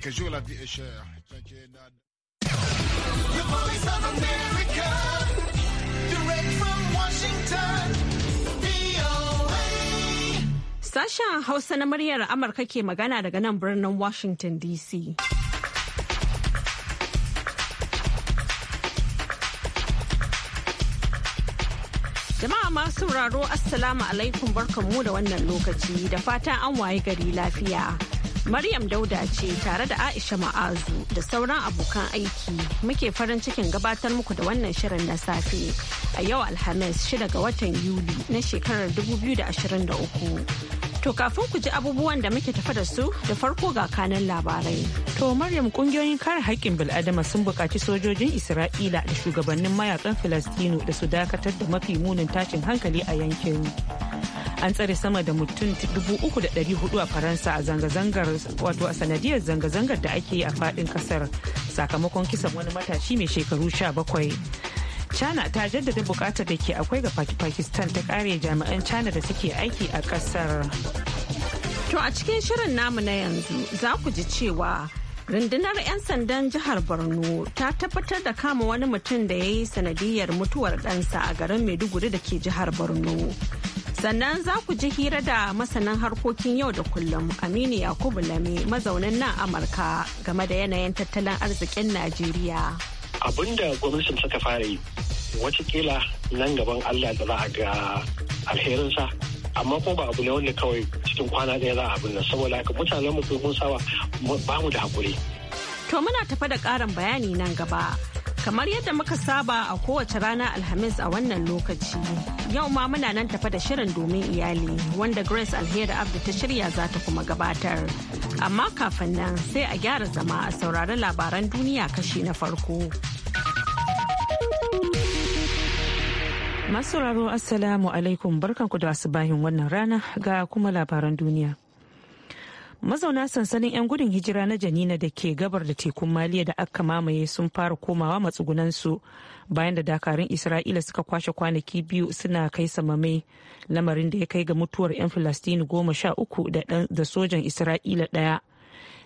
Sashen Hausa na muryar Amurka ke magana daga nan birnin Washington DC. Jama'a masu sauraro Assalamu alaikum barkanmu da wannan lokaci da fatan an waye gari lafiya. Maryam Dauda ce tare da Aisha Ma'azu da sauran abokan aiki muke farin cikin gabatar muku da wannan shirin na safe a yau Alhamis 6 ga watan Yuli na shekarar 2023. To kafin ku ji abubuwan da muke tafa da su da farko ga kanan labarai. To Maryam kungiyoyin kare haƙƙin bil'adama sun buƙaci sojojin Isra'ila da shugabannin mayakan Filistinu da su dakatar da mafi munin tashin hankali a yankin. an tsare sama da mutum 3,400 a faransa a zanga-zangar wato a sanadiyar zanga-zangar da ake yi a fadin kasar sakamakon kisan wani matashi mai shekaru 17 china ta jaddada bukatar da ke akwai ga pakistan ta kare jami'an china da suke aiki a kasar to a cikin shirin namu na yanzu za ku ji cewa rundunar 'yan sandan jihar borno ta tabbatar da kama wani mutum da ya yi sanadiyar mutuwar ɗansa a garin maiduguri da ke jihar borno sannan za ku ji hira da masanin harkokin yau da kullum aminu yakubu Lami mazaunin nan amurka game da yanayin tattalin arzikin najeriya abinda gwamnatin suka fara yi watakila nan gaban allah da za a ga alherinsa amma ko ba abu ne wanda kawai cikin kwana ɗaya za a abin nan saboda haka mutanen mu mun sawa ba mu da hakuri to muna tafa da ƙarin bayani nan gaba Kamar yadda muka saba a kowace rana Alhamis a wannan lokaci. Yau ma muna nan tafa da shirin domin iyali wanda Grace Alheri Abdu ta shirya za ta kuma gabatar. Amma kafin nan sai a gyara zama a saurari labaran duniya kashi na farko. Masauraro Assalamu alaikum barkanku da wasu bayan wannan rana ga kuma labaran duniya. mazauna sansanin 'yan gudun hijira na janina da ke gabar da tekun maliya da aka mamaye sun fara komawa matsugunansu bayan da dakarun isra'ila suka kwashe kwanaki biyu suna kai samame lamarin da ya kai ga mutuwar 'yan filastini goma sha uku da sojan isra'ila ɗaya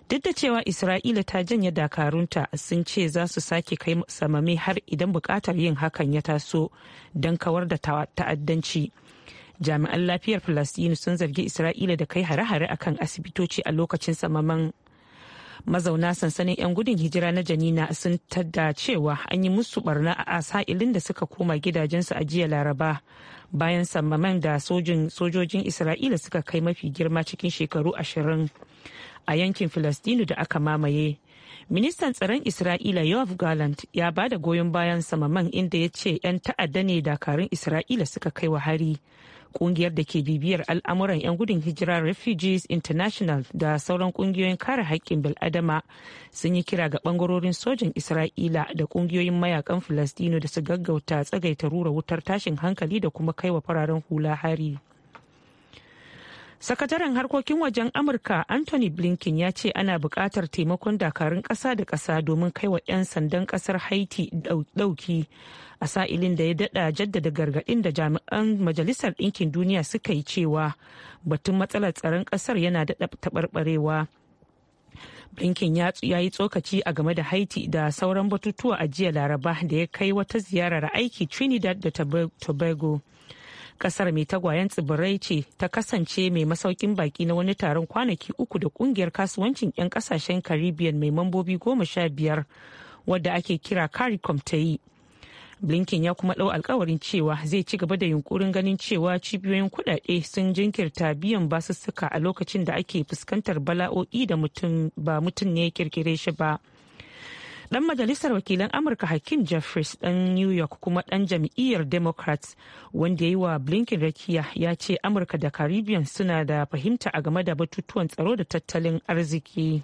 duk da cewa isra'ila ta janye dakarunta sun ce za su sake kai samame har idan bukatar yin hakan ya taso don kawar da ta'addanci. jami'an lafiyar falastinu sun zargi isra'ila da kai hare-hare akan asibitoci a lokacin samaman mazauna sansanin 'yan gudun hijira na janina sun tadda cewa an yi musu barna a sa'ilin da suka koma gidajensu a jiya laraba bayan samaman da sojojin isra'ila suka kai mafi girma cikin shekaru ashirin a yankin filastinu da aka mamaye ministan tsaron isra'ila yoav galant ya ba da goyon bayan samaman inda ya ce 'yan ta'adda ne dakarun isra'ila suka kai wa hari Kungiyar da ke bibiyar al'amuran 'yan gudun hijira Refugees International da sauran kungiyoyin kare haƙƙin bil'adama sun yi kira ga ɓangarorin sojan Isra'ila da kungiyoyin mayakan filastino da su gaggauta tsagaita rura wutar tashin hankali da kuma kaiwa fararen hula hari. Sakataren harkokin wajen Amurka Anthony Blinken ya ce ana buƙatar taimakon dakarun ƙasa da ƙasa domin kai wa 'yan sandan ƙasar Haiti ɗauki a sa'ilin da ya dada jaddada gargaɗin da jami'an majalisar ɗinkin duniya suka yi cewa batun matsalar tsaron ƙasar yana dada taɓarɓarewa. blinken ya yi tsokaci a game da haiti da sauran batutuwa a jiya laraba da ya kai wata ziyarar aiki trinidad da tobago kasar mai tagwayen tsibirai ce ta kasance mai masaukin baki na wani taron kwanaki uku da kungiyar kasuwancin 'yan kasashen caribbean mai mambobi goma sha biyar wadda ake kira caricom ta yi blinken ya kuma ɗau alkawarin cewa zai ci gaba da yunkurin ganin cewa cibiyoyin kuɗaɗe sun jinkirta biyan basussuka a lokacin da ake fuskantar bala'o'i da mutum ba mutum ne kirkire shi ba dan majalisar wakilan amurka hakim jeffries dan new york kuma dan jam'iyyar democrats wanda ya yi wa blinken rakiya ya ce amurka da caribbean suna da fahimta a game da batutuwan tsaro da tattalin arziki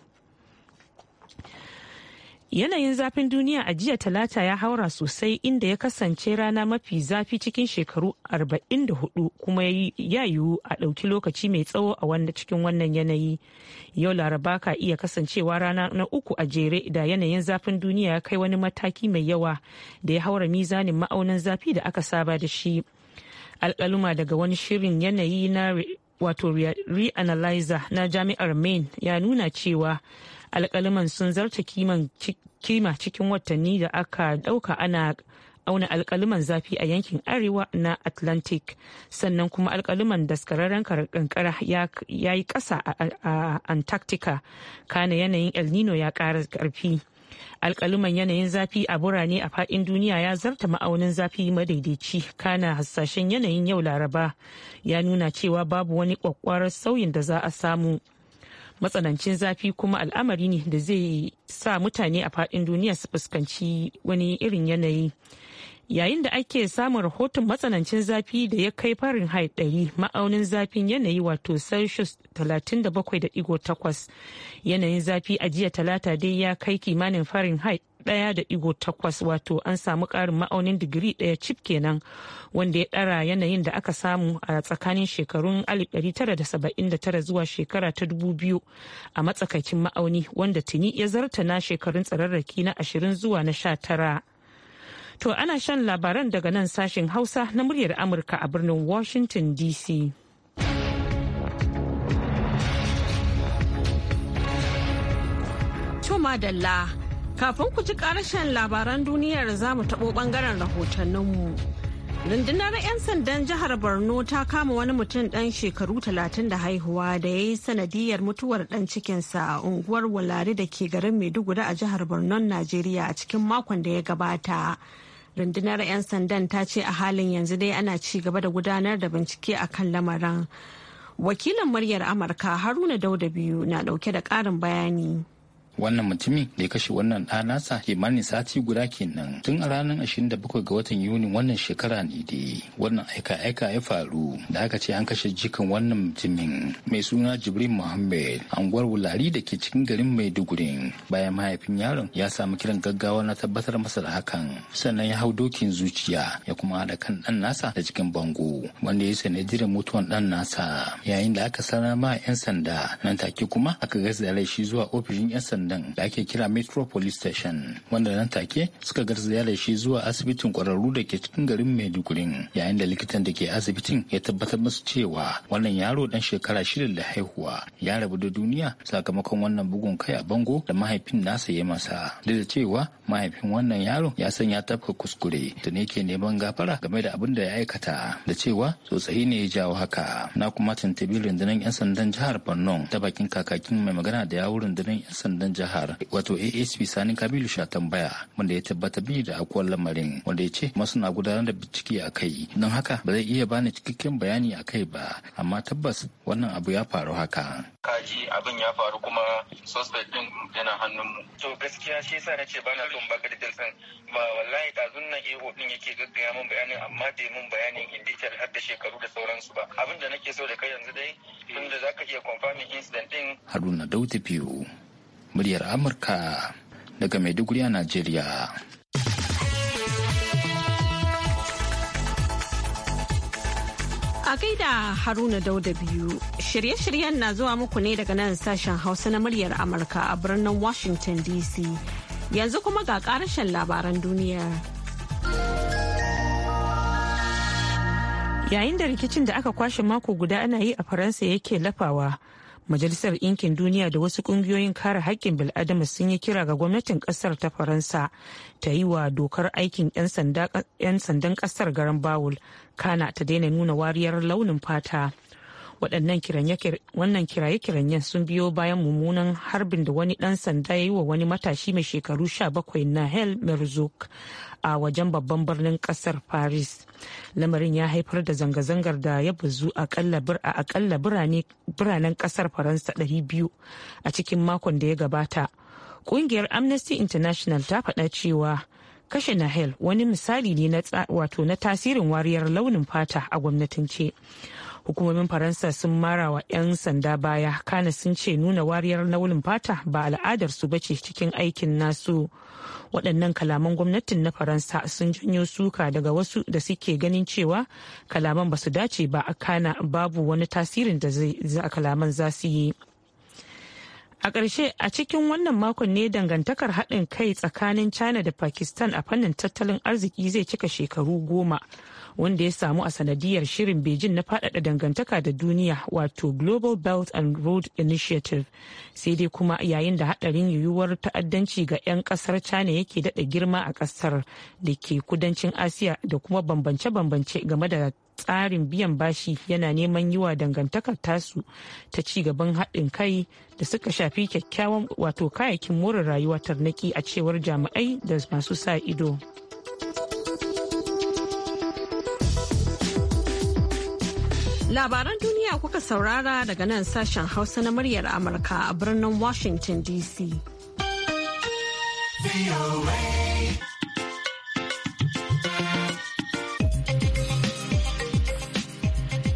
Yanayin zafin duniya a jiya talata ya haura sosai inda ya kasance rana mafi zafi cikin shekaru 44 kuma ya yiwu a ɗauki lokaci mai tsawo a wanda cikin wannan yanayi. Yau laraba ka iya kasancewa rana na uku a jere da yanayin zafin duniya ya kai wani mataki mai yawa da ya haura mizanin ma'aunin zafi da aka saba da shi. alkaluma daga wani shirin yanayi na wato re-analyzer na jami'ar Maine ya nuna cewa alkaliman sun zarta kima cikin watanni da aka dauka ana auna alkaliman zafi a yankin arewa na atlantic sannan kuma alkaliman daskararren kankara ya yi kasa a antarctica kana yanayin el nino ya kara karfi alkaliman yanayin zafi a burane a fadin duniya ya zarta ma'aunin zafi madaidaici kana hasashen yanayin yau laraba ya nuna cewa babu wani kwakwarar sauyin da za a samu matsanancin zafi kuma al'amari ne da zai sa mutane a faɗin duniya su fuskanci wani irin yanayi yayin da ake samun rahoton matsanancin zafi da ya kai farin ɗari ma'aunin zafin yanayi wato celsius 37.8 yanayin zafi a jiya talata dai ya kai kimanin farin ɗaya da igo takwas wato an samu ƙarin ma'aunin digiri ɗaya cif kenan wanda ya ɗara yanayin da aka samu a tsakanin shekarun 1979 zuwa shekara ta 2000 a matsakaicin ma'auni wanda tuni ya zarta na shekarun tsararraki na 20 zuwa na 19. To ana shan labaran daga nan sashen Hausa na muryar Amurka a birnin Washington DC. madalla Kafin ku ji karashen labaran duniyar za mu taɓo ɓangaren rahotanninmu. Rundunar 'yan sandan jihar Borno ta kama wani mutum ɗan shekaru talatin da haihuwa da ya yi sanadiyar mutuwar ɗan cikinsa a unguwar Walari da ke garin Maiduguri a jihar Borno, Najeriya a cikin makon da ya gabata. Rundunar 'yan sandan ta ce a halin yanzu dai ana ci gaba da gudanar da bincike a kan lamarin. Wakilin muryar Amurka Haruna Dauda biyu na ɗauke da ƙarin bayani. wannan mutumin da ya kashe wannan ɗa nasa kimanin sati guda kenan tun a ranar 27 ga watan yuni wannan shekara ne dai wannan aika-aika ya faru da aka ce an kashe jikan wannan mutumin mai suna jibrin muhammad anguwar wulari da ke cikin garin maiduguri bayan mahaifin yaron ya samu kiran gaggawa na tabbatar masa da hakan sannan ya hau dokin zuciya ya kuma haɗa kan ɗan nasa da cikin bango wanda ya sanadiyar mutuwan ɗan nasa yayin da aka sanar ma 'yan sanda nan take kuma aka gaza shi zuwa ofishin 'yan sanda din da ake kira metro police station wanda nan take suka garzaya da shi zuwa asibitin kwararru da ke cikin garin maiduguri yayin da likitan da ke asibitin ya tabbatar musu cewa wannan yaro dan shekara shida da haihuwa ya rabu da duniya sakamakon wannan bugun kai a bango da mahaifin nasa ya masa duk da cewa mahaifin wannan yaro ya sanya tafka kuskure da ne ke neman gafara game da abin da ya aikata da cewa tsotsayi ne ya jawo haka na kuma tuntubi rundunar 'yan sandan jihar borno ta bakin kakakin mai magana da yawun rundunar 'yan sandan jihar wato ASP Sani Kabilu sha tambaya wanda ya tabbata bi da akwai lamarin wanda ya ce masu na gudanar da bincike a kai don haka ba zai iya bani cikakken bayani a kai ba amma tabbas wannan abu ya faru haka. Kaji abin ya faru kuma suspect din yana hannun mu. To gaskiya shi yasa nace ba na son baka da san ba wallahi dazun nan EO din yake gaggaya min bayanin amma da mun bayanin in har da shekaru da sauransu ba. Abin da nake so da kai yanzu dai tunda zaka iya confirming incident din. Haruna Dauti muryar Amurka daga Maiduguri a Najeriya. A gaida Haruna Dauda biyu, shirye-shiryen na zuwa muku ne daga nan sashen Hausa na muryar Amurka a birnin Washington DC. Yanzu kuma ga ƙarashen labaran duniya. yayin da rikicin da aka kwashe mako guda ana yi a faransa yake lafawa majalisar ɗinkin duniya da wasu ƙungiyoyin kare haƙƙin bil'adama sun yi kira ga gwamnatin ƙasar ta faransa ta yi wa dokar aikin 'yan sandan ƙasar garin bawul kana ta daina nuna wariyar launin fata wannan kiraye-kiranyen sun biyo bayan mummunan harbin da wani dan sanda ya yi wa wani matashi mai shekaru 17 na merzouk a wajen babban birnin kasar paris lamarin ya haifar da zanga-zangar da ya bazu a akalla biranen ƙasar faransa 200 a cikin makon da ya gabata ƙungiyar amnesty international ta faɗa cewa kashe nahel wani misali ne na wato na tasirin wariyar launin fata a gwamnatin ce. hukumomin faransa sun mara wa 'yan sanda baya kana sun ce nuna wariyar launin fata ba al'adarsu ba ce cikin aikin nasu waɗannan kalaman gwamnatin na faransa sun janyo suka daga wasu da suke ganin cewa kalaman ba su dace ba a kana babu wani tasirin da kalaman za su yi A ƙarshe a cikin wannan makon ne dangantakar haɗin kai tsakanin China da Pakistan a fannin tattalin arziki zai cika shekaru goma wanda ya samu a sanadiyar shirin Beijing na faɗaɗa dangantaka da duniya wato Global Belt and Road Initiative. Sai dai kuma yayin da haɗarin yiwuwar ta'addanci ga 'yan ƙasar China yake daɗa girma a ƙasar da ke kudancin Asiya da kuma bambance-bambance game da tsarin biyan bashi yana neman yiwa dangantakar tasu ta ci gaban haɗin kai da suka shafi kyakkyawan wato kayayyakin more rayuwa tarnaki a cewar jami'ai da masu sa ido. Labaran duniya kuka saurara daga nan sashen Hausa na muryar Amurka a birnin Washington DC.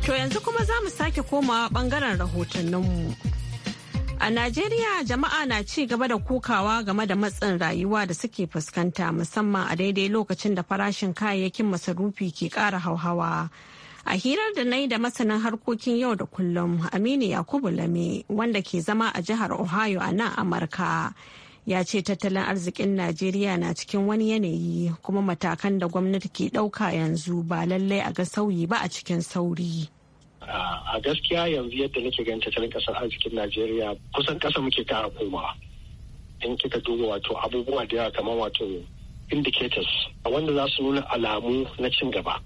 To yanzu kuma za mu sake komawa bangaren rahotanninmu. A Najeriya jama'a na ci gaba da kokawa game da matsin rayuwa da suke fuskanta musamman a daidai lokacin da farashin kayayyakin masarufi ke ƙara hauhawa. A hirar da na yi da masanin harkokin yau da kullum Aminu Yakubu Lame wanda ke zama a jihar Ohio a nan Amurka. ya ce tattalin arzikin najeriya na cikin wani yanayi kuma matakan da gwamnati ke ɗauka yanzu ba lallai a ga sauyi ba a cikin sauri a gaskiya yanzu yadda nake ganin tattalin kasar arzikin najeriya kusan ƙasa muke kara komawa in kika duba wato abubuwa da yawa kamar wato indicators wanda za su nuna alamu na cin gaba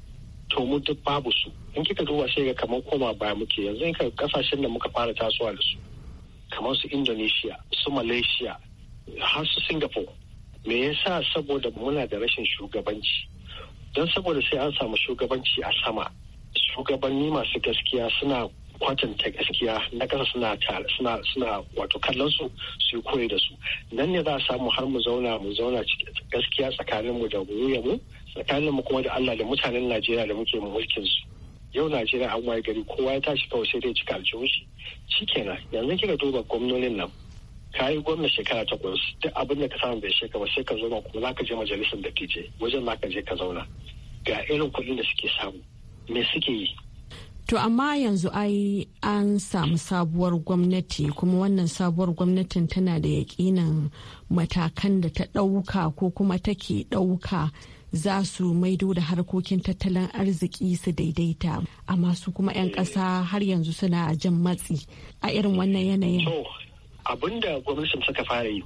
to mu duk babu su in kika duba sai ga kamar koma baya muke yanzu in ka kasashen da muka fara tasowa da su kamar su indonesia su malaysia har su singapore me yasa saboda muna da rashin shugabanci don saboda sai an samu shugabanci a sama shugabanni masu gaskiya suna kwatanta gaskiya na kasa suna suna suna wato kallon su su yi koyi da su nan ne za a samu har mu zauna mu zauna gaskiya tsakanin mu da wuyan mu tsakanin mu kuma da Allah da mutanen Najeriya da muke mulkin su yau Najeriya an waye gari kowa ya tashi kawai sai dai cika aljihun shi shikenan yanzu kika duba gwamnonin nan ka yi gwamna shekara takwas duk abin da ka samu bai ba sai ka zo ma kuma za ka je majalisar da tije wajen za ka je ka zauna ga irin kuɗin da suke samu me suke yi To amma yanzu ai an samu sabuwar gwamnati kuma wannan sabuwar gwamnatin tana da yakinan matakan da ta ɗauka ko kuma take ɗauka za su maido da harkokin tattalin arziki su daidaita amma su kuma 'yan ƙasa har yanzu suna jan matsi a irin wannan yanayin. abin da gwamnatin suka fara yi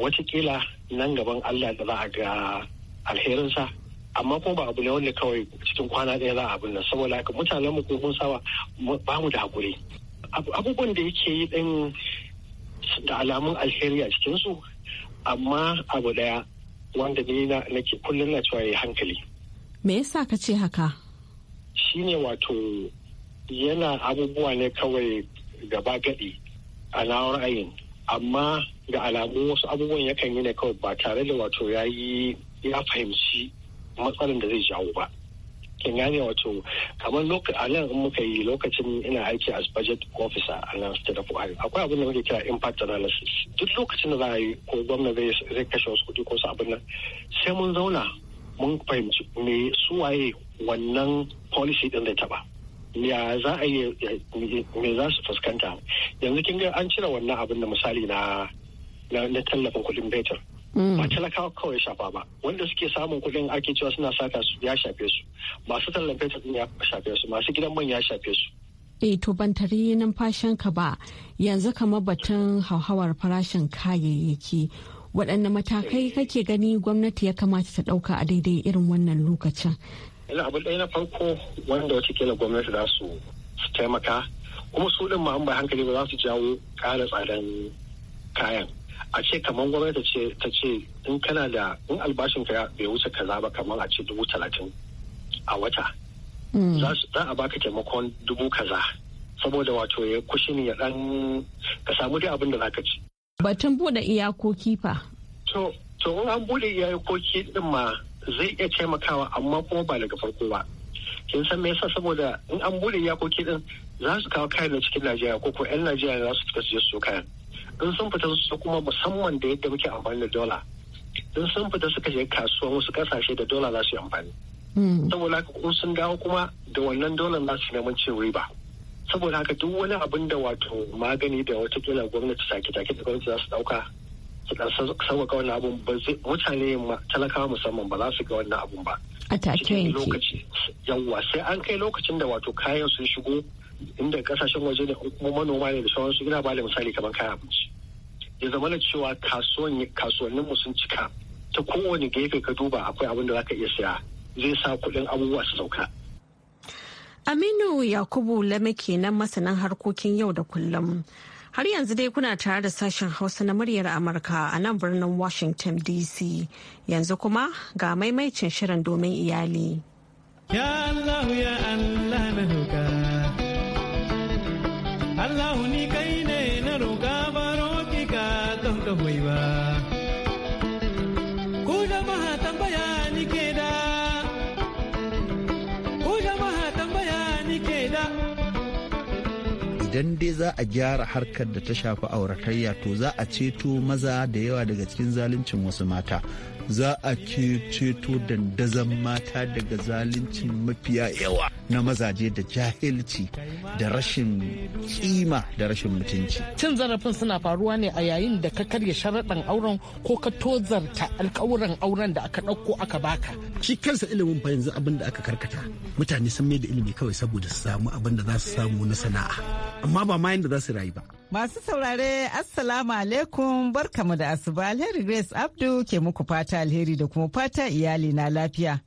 watakila nan gaban allah da za a ga alherinsa amma kuma ba abu ne wanda kawai cikin kwana ɗaya za a abin nan saboda haka mutanen mu kun sawa ba mu da hakuri abubuwan da yake yi ɗin da alamun alheri a cikinsu amma abu ɗaya wanda ni na nake kullum na cewa ya hankali me yasa ka ce haka shine wato yana abubuwa ne kawai gaba gadi a ra'ayin amma ga alamu wasu abubuwan yakan yi ne kawai ba tare da wato ya yi ya fahimci matsalar da zai jawo ba kin gane wato kamar a nan muka yi lokacin ina aiki as budget officer a nan state of Ohio akwai abin da muke kira impact analysis duk lokacin da za a yi ko gwamna zai kashe wasu kuɗi ko su abin nan sai mun zauna mun fahimci me suwaye wannan policy din zai taba ya za a yi me za su fuskanta yanzu kin ga an cire wannan abin da misali na na tallafin kuɗin fetur Mm. ba talakawa kawai shafa ba wanda suke samun kuɗin ake cewa suna saka su ya shafe su masu tallafe ya shafe su masu gidan man ya shafe su e to ban tari ka ba yanzu kamar batun hauhawar farashin kayayyaki waɗanne matakai eh. kake gani gwamnati ya kamata ta ɗauka a daidai irin wannan lokacin ina abu ɗaya na farko wanda wata gwamnati za su taimaka kuma su ɗin ma an ba hankali ba za su jawo ƙara tsadan kayan a ce kamar gwamnati ce ta ce in kana da in albashin ka bai wuce kaza ba kamar a ce dubu talatin a wata hmm. za a baka taimakon dubu kaza saboda wato ya kushin ya dan ka samu dai abin da zaka ci batun bude iyakoki fa to to in an bude iyakoki din ma zai iya taimakawa amma kuma ba daga farko ba kin san me yasa saboda in an bude iyakoki din za su kawo kayan cikin Najeriya ko ko 'yan Najeriya za su fita su je su kayan in sun fita su kuma musamman da yadda muke amfani da dola in sun fita suka je kasuwa wasu kasashe da dola za su yi amfani hmm. saboda haka in sun dawo kuma da wannan dolar za su neman cin riba saboda haka duk wani abin da wato magani da wata kila gwamnati take take da gwamnati za su dauka su dan sauƙaƙa wannan abun ba zai mutane talakawa musamman ba za su ga wannan abun ba a take lokaci yawwa sai an kai lokacin da wato kayan sun shigo inda kasashen waje ne kuma manoma ne da sauransu ina ba da misali kamar kayan abinci ya zama na cewa kasuwannin mu sun cika ta kowane gefe ka duba akwai abin da za ka iya siya zai sa kuɗin abubuwa su sauka aminu yakubu lame kenan masanin harkokin yau da kullum har yanzu dai kuna tare da sashen hausa na muryar amurka a nan birnin washington dc yanzu kuma ga maimaicin shirin domin iyali ya allahu ya allah na Allah ni kai ne na roƙa baro kika don ka ba. Ku jama'a tambaya ni ke da, ku jama'a tambaya ni ke da. Idan dai za a gyara harkar da ta shafi auratayya to za a ceto maza da yawa daga cikin zaluncin wasu mata. za a ceto dandazan mata daga zalunci mafiya yawa na mazaje da jahilci da rashin kima da rashin mutunci. Cin zarafin suna faruwa ne a yayin da ka karya sharaɗin auren ko ka tozarta alkawuran auren da aka ɗauko aka baka. Shi kansa ilimin fa yanzu abin da aka karkata mutane sun mai da ilimi kawai saboda su samu abin da za su samu na sana'a amma ba ma yanda za su rayu ba. Masu saurare Assalamu alaikum barkamu da asuba alheri Grace Abdu ke muku fata alheri da kuma fata iyali na lafiya.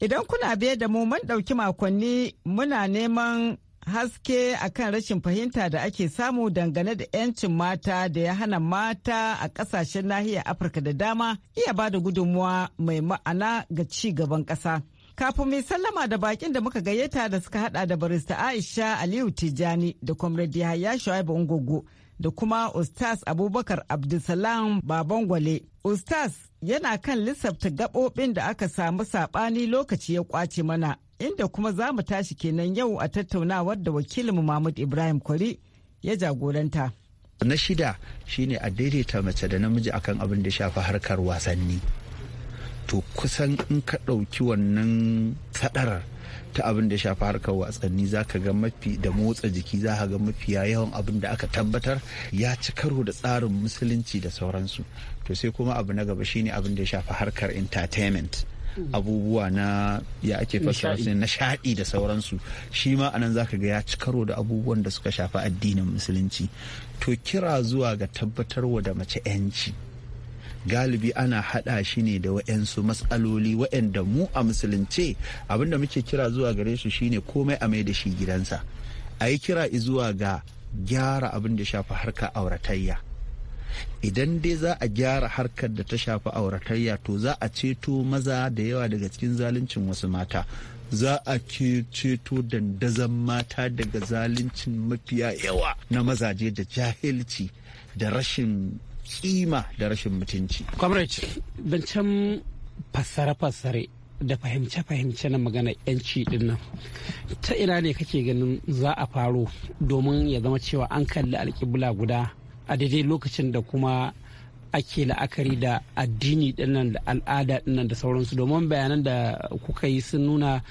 Idan kuna biye da mu mun ɗauki makonni muna neman haske akan rashin fahimta da ake samu dangane da 'yancin mata da ya hana mata a ƙasashen nahiyar Afirka da dama iya ba da gudunmuwa mai ma'ana ga ci gaban ƙasa. Kafin mai sallama da bakin da muka gayyata da suka hada da barista Aisha Aliyu Tijani da kwamradi Yahaya Shuaibu Ungogo da kuma Ustaz Abubakar Abdulsalam Babangwale. Ustaz yana kan lissafta gaɓoɓin da aka samu saɓani lokaci ya kwace mana inda kuma za mu tashi kenan yau a tattaunawar da wakilinmu Mahmud Ibrahim Kwari ya jagoranta. Na shida shine a daidaita mace da namiji akan abin da shafi harkar wasanni. to kusan in ka ɗauki wannan tsadar ta abin da shafi harkar wasanni za ka ga mafi da motsa jiki za ka ga mafiya yawan abin da aka tabbatar ya ci karo da tsarin musulunci da sauransu to sai kuma abu na gaba shine abin da ya shafi harkar entertainment abubuwa na ya ake fassara su na shaɗi da sauransu shi ma anan zaka ga ya ci karo da abubuwan da suka shafa addinin musulunci to kira zuwa ga tabbatarwa da mace 'yanci galibi ana haɗa shi ne da wa'yansu matsaloli wa'yanda mu a musulunce abinda muke kira zuwa gare su shine komai a mai da shi gidansa a yi kira zuwa ga gyara abin da shafi harka auratayya idan dai za a gyara harkar da ta shafi auratayya to za a ceto maza da yawa daga cikin zaluncin wasu mata za a ceto dandazan mata daga zaluncin mafiya yawa na mazaje da jahilci da rashin kima da rashin mutunci. Comrade, zancen fassare-fassare da fahimce-fahimce na magana 'yanci din nan ta ina ne kake ganin za a faro domin ya zama cewa an kalli alƙibla guda a daidai lokacin da kuma ake la'akari da addini dinnan da al'ada dinnan da sauransu domin bayanan da kuka yi sun nuna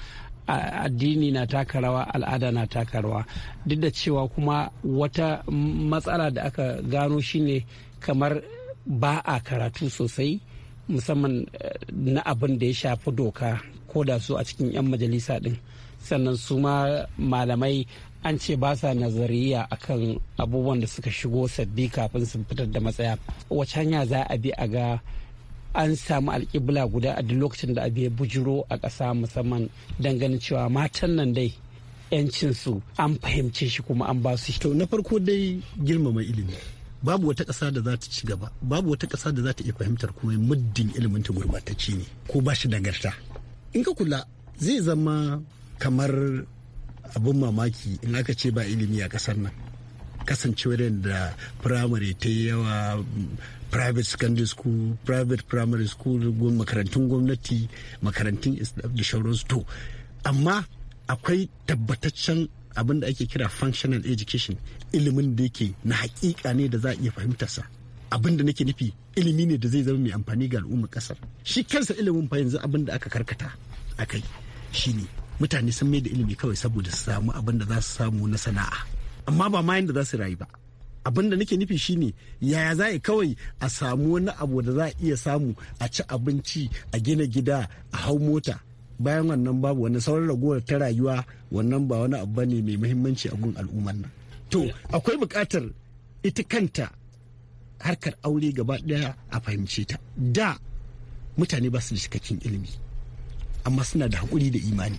addini na taka rawa al'ada na taka rawa duk da cewa kuma wata matsala da aka gano shine kamar ba a karatu sosai musamman eh, na abin da ya shafi doka ko da su a cikin 'yan majalisa din sannan su ma malamai an ce ba sa nazariya kan abubuwan da suka shigo sabbi kafin su fitar da matsaya wace hanya za a bi a ga an samu alƙibla guda a duk lokacin da abu ya bujiro a ƙasa musamman ganin cewa matan nan dai yancinsu an fahimce shi kuma an ba su shi. to na farko dai girmama ilimi babu wata ƙasa da za ta ci gaba babu wata ƙasa da za ta iya fahimtar kuma muddin ilimin ta gurbatacci ne ko ba shi nagarta in ka kula zai zama kamar abin mamaki in aka ce ba ilimi a ƙasar nan kasancewar da firamare ta yawa private secondary school private primary school makarantun gwamnati makarantun da shauransu to amma akwai tabbataccen abin da ake kira functional education ilimin da yake na hakika ne da za a iya fahimtarsa abin da nake nufi ilimi ne da zai zama mai amfani ga al'ummar kasar shi kansa ilimin fa yanzu abin da aka karkata a kai shine mutane sun mai da ilimi kawai saboda su samu abin da za su samu na sana'a amma ba ma yanda za su rayu ba abin da nake nufi shine yaya za a kawai a samu wani abu da za a iya samu a ci abinci a gina gida a hau mota bayan wannan babu wani sauran ragowar ta rayuwa wannan ba wani abu ne mai muhimmanci a gun al'ummar na. to akwai buƙatar ita kanta harkar aure gaba ɗaya a fahimce ta da mutane ba su da cikakken ilimi amma suna da haƙuri da imani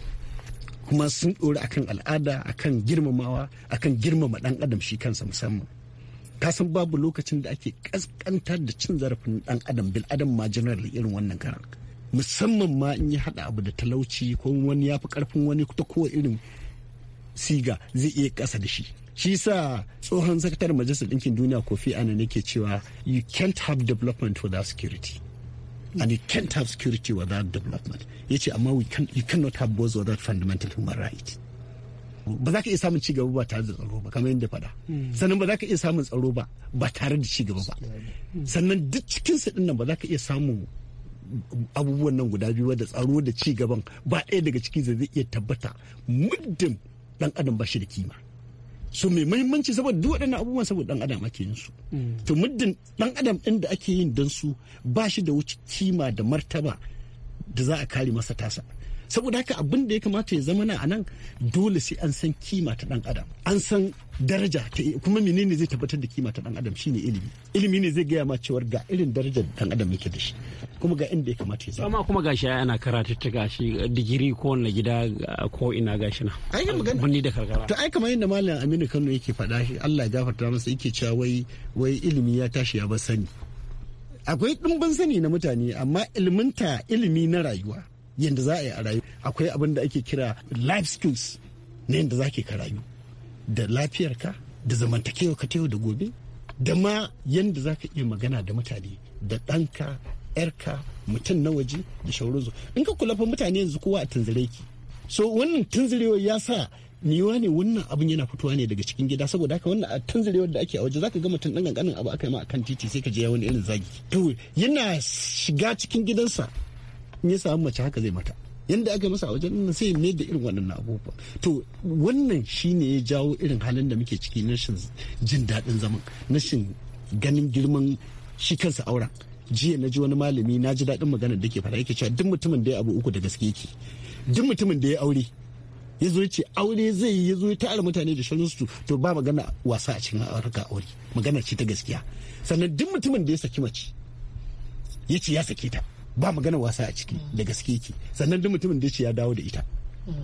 kuma sun ɗora akan al'ada akan girmamawa akan girmama ɗan adam shi kansa musamman ka san babu lokacin da ake ƙasƙantar da cin zarafin ɗan adam bil adam ma general irin wannan karan musamman ma in yi hada abu da talauci ko wani ya fi karfin wani ta ko irin siga zai iya kasa da shi shi sa tsohon sakatar majalisar ɗinkin duniya kofi ana nake cewa you can't have development without security and you can't have security without development ya ce amma you cannot have both without fundamental human rights ba za ka iya samun cigaba ba tare da tsaro ba kamar yadda faɗa hmm. sannan ba za ka iya samun tsaro ba ba tare da cigaba ba sannan duk cikinsa ɗin nan ba za ka iya samun abubuwan nan guda biyu da tsaro da ci gaban ba ɗaya daga ciki zai iya tabbata muddin dan adam ba shi da kima so mai mahimmanci saboda duk waɗannan abubuwan saboda dan adam ake yin su mm. to muddin dan adam ɗin da ake yin don su ba shi da wuce kima da martaba da za a kare masa tasa saboda haka abin da ya kamata ya zama na a nan dole sai an san kima ta dan adam an san daraja ta kuma menene zai tabbatar da kima ta dan adam shine ilimi ilimi ne zai gaya ma cewar ga irin darajar dan adam yake da shi kuma ga inda ya kamata ya zama amma kuma gashi ana ta gashi digiri ko wanne gida ko ina gashi na ai ga magana bunni da karkara to ai kamar yadda malam Aminu Kano yake faɗa shi Allah ya gafarta masa yake cewa wai wai ilimi ya tashi ya ba sani akwai ɗumbin sani na mutane amma ilminta ilimi na rayuwa yadda za a yi a rayu akwai abin da ake kira life skills na yadda za ka rayu da ka. da zamantakewa ka yau da gobe da ma yadda za ka iya magana da mutane da ɗanka yarka mutum na waje da shauransu in ka kula fa mutane yanzu kowa a tunzire ki so wannan tunzirewa ya sa niwa ne wannan abin yana fitowa ne daga cikin gida saboda haka wannan a tunzirewar da ake a waje zaka ga mutum ɗan ƙanƙanin abu aka yi ma akan titi sai ka je ya wani irin zagi to yana shiga cikin gidansa in ya samu mace haka zai mata yanda aka masa a wajen nan sai mai da irin waɗannan abubuwa to wannan shine ya jawo irin halin da muke ciki na shin jin daɗin zaman na shin ganin girman shi kansa auren jiya na ji wani malami na ji daɗin maganar da ke faɗa yake cewa duk mutumin da ya abu uku da gaske yake duk mutumin da ya aure ya zo ce aure zai yi ya zo ya tara mutane da shanunsu to ba magana wasa a cikin harka aure magana ce ta gaskiya sannan duk mutumin da ya saki mace ya ce ya sake ta ba magana wasa a ciki da gaske ke sannan duk mutumin da ce ya dawo da ita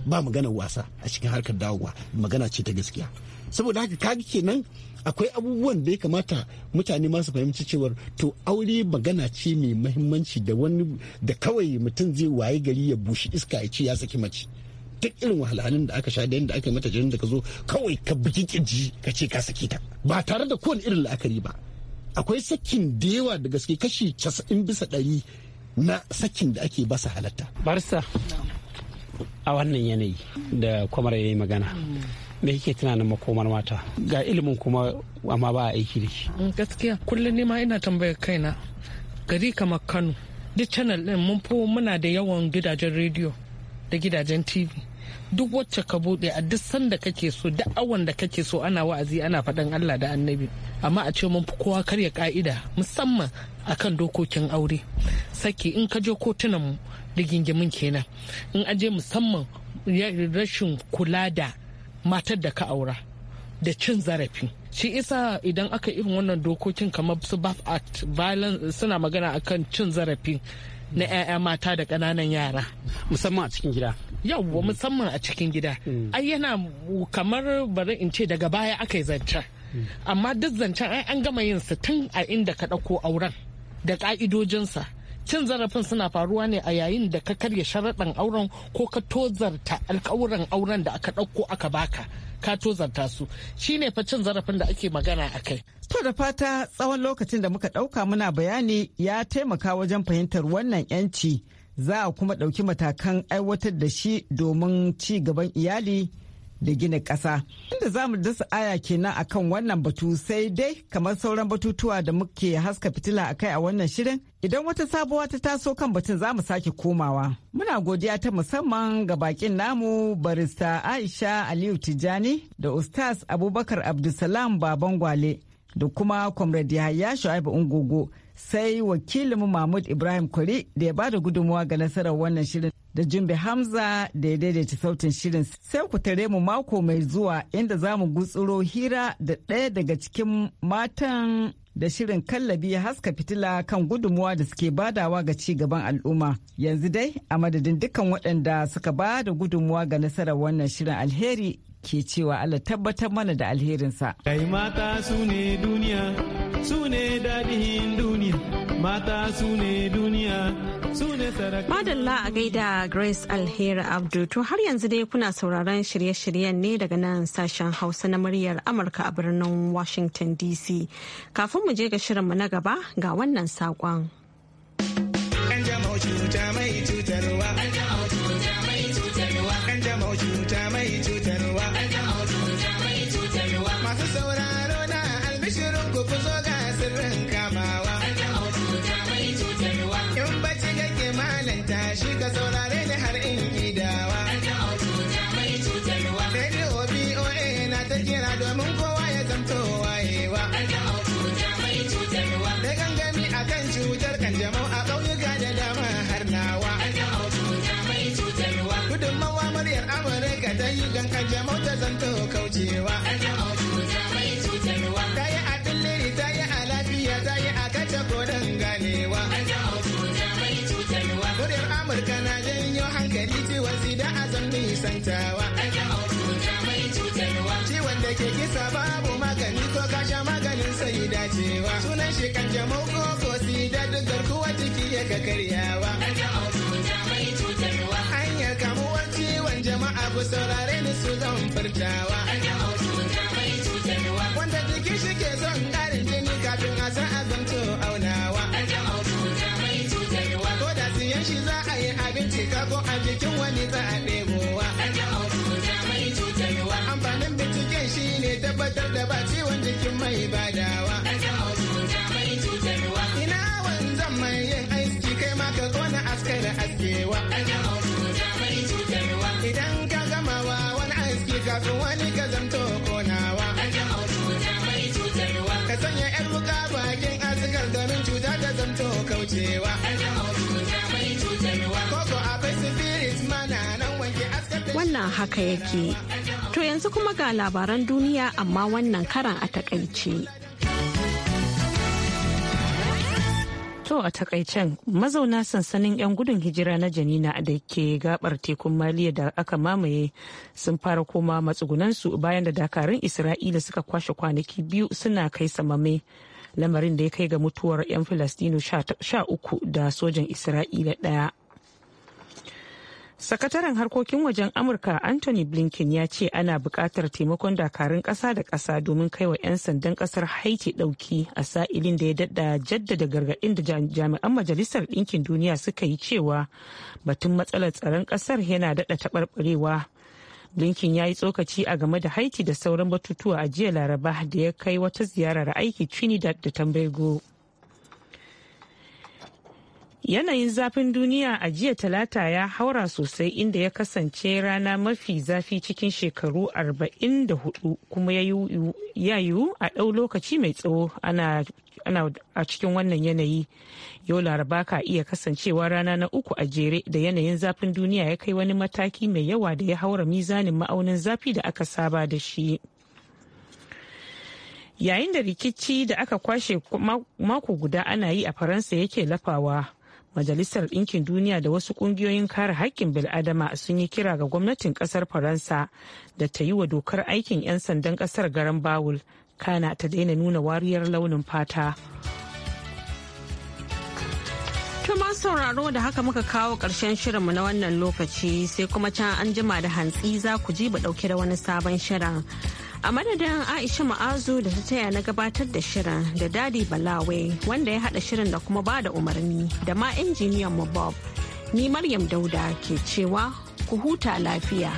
ba magana wasa a cikin harkar dawowa magana ce ta gaskiya saboda haka kaga kenan akwai abubuwan da ya kamata mutane masu fahimci cewar to aure magana ce mai mahimmanci da wani da kawai mutum zai waye gari ya bushi iska ya ce ya saki mace duk irin wahalhalun da aka sha da yadda aka mata jirin da ka zo kawai ka buki kirji ka ce ka saki ta ba tare da kowane irin la'akari ba akwai sakin da yawa da gaske kashi casa'in bisa ɗari na sakin da ake basa halatta. Barista a wannan yanayi da kwamar ya yi magana. Me kike tunanin makomar mata ga ilimin kuma amma ba a aiki da shi. Mm, gaskiya kullum ne ma ina tambayar kaina gari kamar Kano duk channel ɗin mun fi muna da yawan gidajen rediyo da gidajen TV duk wacce ka bude a duk sanda kake so duk awan da kake so ana wa'azi ana faɗan Allah da annabi amma a ce mun fi kowa karya ka'ida musamman akan dokokin aure saki in ka je kotunan mu rigingimin kenan in aje musamman rashin kula da matar da ka aura da cin zarafi shi isa idan aka irin wannan dokokin kamar su bafat act suna magana akan cin zarafi na 'ya'ya mata da ƙananan yara musamman a cikin gida yawwa mm. musamman a cikin gida mm. ai yana kamar bari in ce daga baya aka yi zancen mm. amma duk zancen ai an gama yin su tun a inda ka ɗauko auren da ƙa'idojinsa cin zarafin suna faruwa ne a yayin da ka karya sharaɗin auren ko ka tozarta alƙawuran auren da aka ɗauko aka baka ka tozarta su shine fa cin zarafin da ake magana a kai to da fata tsawon lokacin da muka ɗauka muna bayani ya taimaka wajen fahimtar wannan 'yanci za a kuma ɗauki matakan aiwatar da shi domin ci gaban iyali da gina ƙasa. Inda za mu dasa aya kenan akan wannan batu sai dai kamar sauran batutuwa da muke haska fitila a kai a wannan shirin idan wata sabuwa ta taso kan batun za mu sake komawa. Muna godiya ta musamman ga bakin namu barista Aisha Aliyu Tijani da Ustaz Abubakar Abdulsalam Baban Gwale da kuma Comrade Yahaya Shu'aibu Ungogo sai wakilin Mahmud Ibrahim Kwari da ya bada gudunmuwa ga nasarar wannan shirin da jimbe Hamza da ya daidaita sautin shirin sai ku tare mu mako mai zuwa inda za mu gutsuro hira da ɗaya daga cikin matan da shirin kallabi ya haska fitila kan gudunmuwa da suke badawa ga ci gaban al'umma yanzu dai a madadin dukkan waɗanda suka ba da gudunmuwa ga nasarar wannan shirin alheri ke cewa Allah tabbatar mana da alherinsa. Kai mata su ne duniya, su ne daɗin duniya, mata su ne duniya, su ne sarari. Madalla a gaida Grace Alheri Abdu, to har yanzu dai kuna sauraron shirye-shiryen ne daga nan sashen Hausa na muryar Amurka a birnin Washington DC. Kafin mu je ga shirinmu na gaba ga wannan saƙon. kanjamau ta zanto kaucewa cutarwa ta yi a tulliri ta a lafiya ta yi a kace koren ganewa kanjamau cutarwa muryar amurka na janyo hankali ciwon sida a zan nisantawa cutarwa ciwon da ke kisa babu magani ko kasha maganin sai sunan shi kanjamau ko ko da duk garkuwa jiki ya ka karyawa kanjamau mai cutarwa da kamuwar ciwon jama'a ku saurare ni su zan furtawa. Wanda jiki shi ke son ƙarin jini kafin a san azanto aunawa. Ko da siyan shi za a yi abinci ka ko a jikin wani za a ɗebowa. Amfanin binciken shi ne tabbatar da ba ciwon jikin mai badawa. wannan haka yake. To yanzu kuma ga labaran duniya amma wannan karan a takaice. To a takaicen mazauna sansanin 'yan gudun hijira na Janina da ke gabar tekun Maliya da aka mamaye sun fara koma matsugunansu bayan da dakarun Isra'ila suka kwashe kwanaki biyu suna kai samame. Lamarin da ya kai ga mutuwar 'yan filastino sha uku da sojan Isra'ila ɗaya. Sakataren harkokin wajen Amurka Anthony Blinken ya ce ana buƙatar taimakon dakarun ƙasa da ƙasa domin kaiwa 'yan sandan ƙasar Haiti ɗauki a sa'ilin da ya dada jaddada gargaɗin da jami'an Majalisar Ɗinkin Duniya suka yi cewa batun matsalar tsaron ƙasar yana dada taɓarɓarewa. Blinken ya yi tsokaci a game da Haiti da sauran batutuwa a jiya Laraba da ya kai wata ziyarar aiki Trinidad da Tobago. Yanayin zafin duniya a jiya talata ya haura sosai inda ya kasance rana mafi zafi cikin shekaru 44 kuma ya yi a ɗau lokaci mai tsawo ana a cikin wannan yanayi. Yau laraba ka iya kasancewa rana na uku a jere da yanayin zafin duniya ya kai wani mataki mai yawa da ya haura mizanin ma'aunin zafi da aka saba da shi. Yayin da rikici da aka kwashe mako guda ana yi a Faransa yake lafawa. Majalisar Ɗinkin Duniya da wasu ƙungiyoyin kare haƙƙin bil'adama sun yi kira ga gwamnatin ƙasar Faransa da ta yi wa dokar aikin 'yan sandan ƙasar garan Bawul kana ta daina nuna wariyar launin fata. Tuma sauraro da haka muka kawo ƙarshen shirinmu na wannan lokaci sai kuma can an jima da hantsi za ku ji ba ɗauke da wani sabon shirin. A madadin Aisha Ma'azu da ta taya na gabatar da shirin da Dadi Balawe wanda ya haɗa shirin da kuma bada umarni da ma injiniyan mu Bob. Ni Maryam Dauda ke cewa ku huta lafiya.